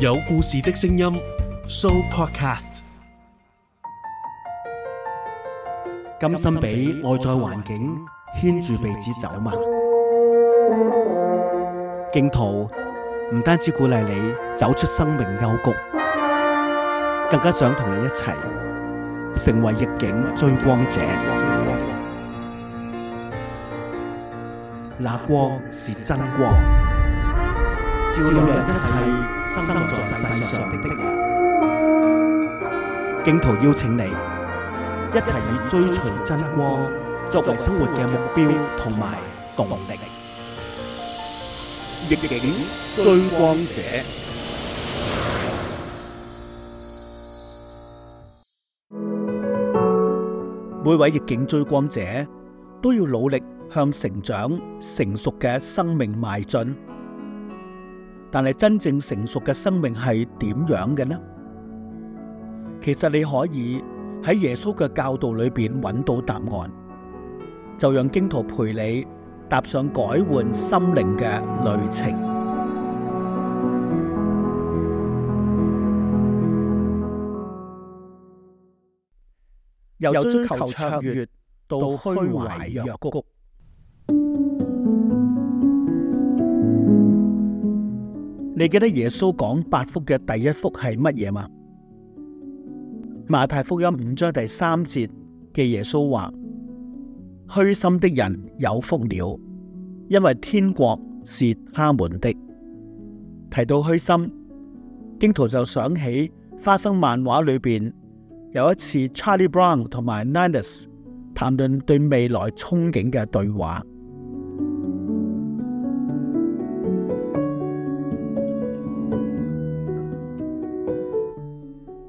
有故事的聲音，Sooo Podcast。甘心俾外在環境牽住鼻子走嗎？荊徒唔單止鼓勵你走出生命幽谷，更加想同你一齊成為逆境追光者。那光是真光。照亮一切生在世上的的人，荊徒邀請你一齊以追隨真光作為生活嘅目標同埋動力。逆境追光者，每位逆境追光者都要努力向成長成熟嘅生命邁進。但係真正成熟嘅生命係點樣嘅呢？其實你可以喺耶穌嘅教導裏邊揾到答案，就讓荊徒陪你踏上改換心靈嘅旅程，由追求卓越到虛懷若谷。你記得耶穌講八福嘅第一福係乜嘢嗎？馬太福音五章第三節嘅耶穌話：虛心的人有福了，因為天國是他們的。提到虛心，荊徒就想起花生漫畫裏邊有一次 Charlie Brown 同埋 Linus 談論對未來憧憬嘅對話。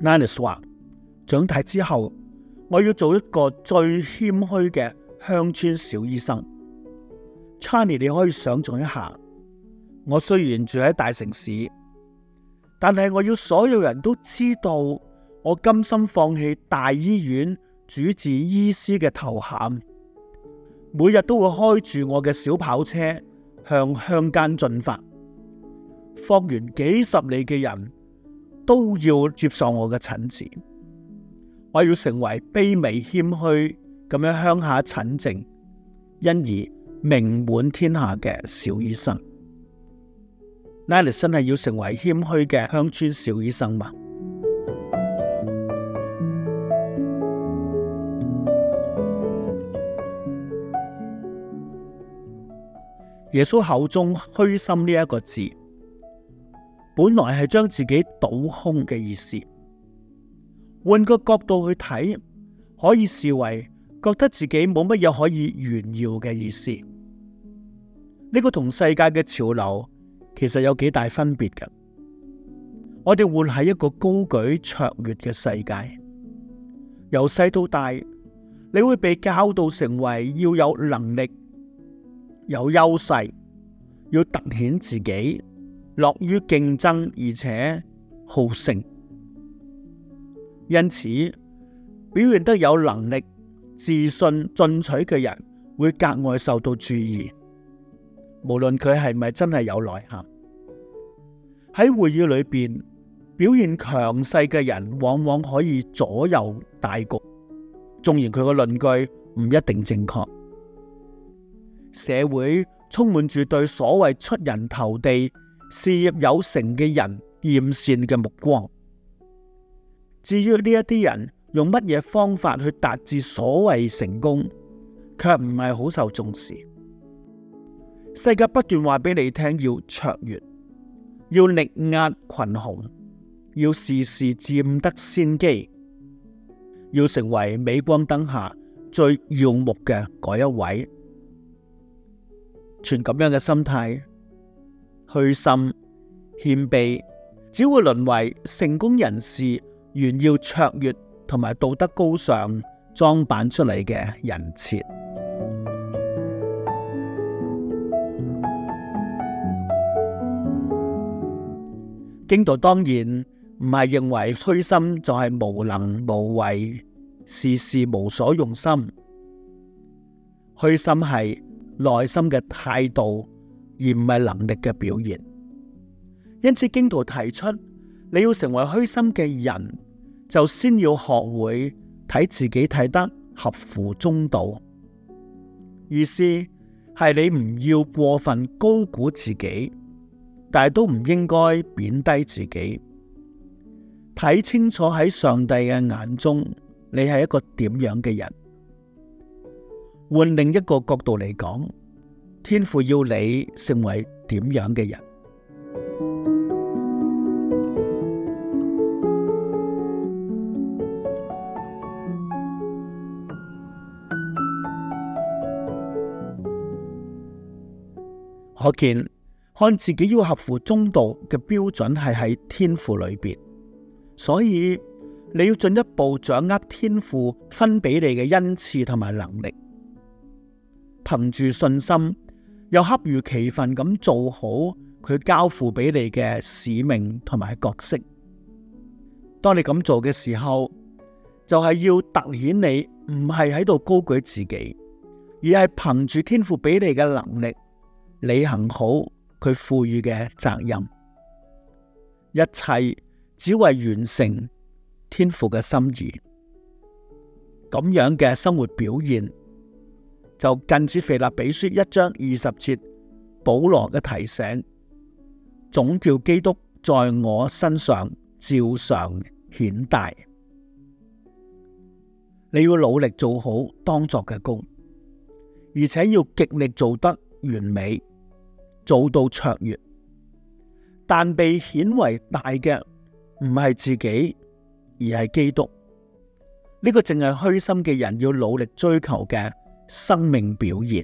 Nanis 話：長大之後，我要做一個最謙虛嘅鄉村小醫生。Chani，你可以想象一下，我雖然住喺大城市，但係我要所有人都知道，我甘心放棄大醫院主治醫師嘅頭銜，每日都會開住我嘅小跑車向鄉間進發，訪完幾十里嘅人。都要接受我嘅診治，我要成為卑微謙虛咁樣鄉下診症，因而名滿天下嘅小醫生。 那你真係要成為謙虛嘅鄉村小醫生嘛？耶穌口中虛心呢一個字。本來係將自己倒空嘅意思，換個角度去睇，可以視為覺得自己冇乜嘢可以炫耀嘅意思。呢、這個同世界嘅潮流其實有幾大分別㗎。我哋活喺一個高舉卓越嘅世界，由細到大，你會被教導成為要有能力、有優勢、要凸顯自己。樂於競爭而且好勝，因此表現得有能力、自信、進取嘅人會格外受到注意，無論佢係咪真係有內涵。喺會議裏邊表現強勢嘅人，往往可以左右大局，縱然佢嘅論據唔一定正確。社會充滿住對所謂出人頭地。事業有成嘅人，艷羨嘅目光。至於呢一啲人用乜嘢方法去達至所謂成功，卻唔係好受重視。世界不斷話俾你聽，要卓越，要力壓群雄，要時時佔得先機，要成為鎂光燈下最耀目嘅嗰一位。全咁樣嘅心態。虛心謙卑，只會淪為成功人士炫耀卓越，同埋道德高尚裝扮出嚟嘅人設。 荊徒當然唔係認為虛心就係無能無為，事事無所用心。虛心係內心嘅態度。而唔係能力嘅表現，因此荊徒提出，你要成為虛心嘅人，就先要學會睇自己睇得合乎中道。意思係你唔要過分高估自己，但係都唔應該貶低自己。睇清楚喺上帝嘅眼中，你係一個點樣嘅人。換另一個角度嚟講。天父要你成為點樣嘅人，可見看自己要合乎中道嘅標準係喺天父裏邊，所以你要進一步掌握天父分俾你嘅恩賜同埋能力，憑住信心，又恰如其分咁做好佢交付俾你嘅使命同埋角色。當你咁做嘅時候，就係、是、要凸顯你唔係喺度高舉自己，而係憑住天父俾你嘅能力，履行好佢賦予嘅責任。一切只為完成天父嘅心意，咁樣嘅生活表現。就近似腓立比書一章二十節保羅嘅提醒，總叫基督在我身上照常顯大。你要努力做好當作嘅工，而且要極力做得完美，做到卓越。但被顯為大嘅唔係自己，而係基督。呢、這個淨係虛心嘅人要努力追求嘅生命表現。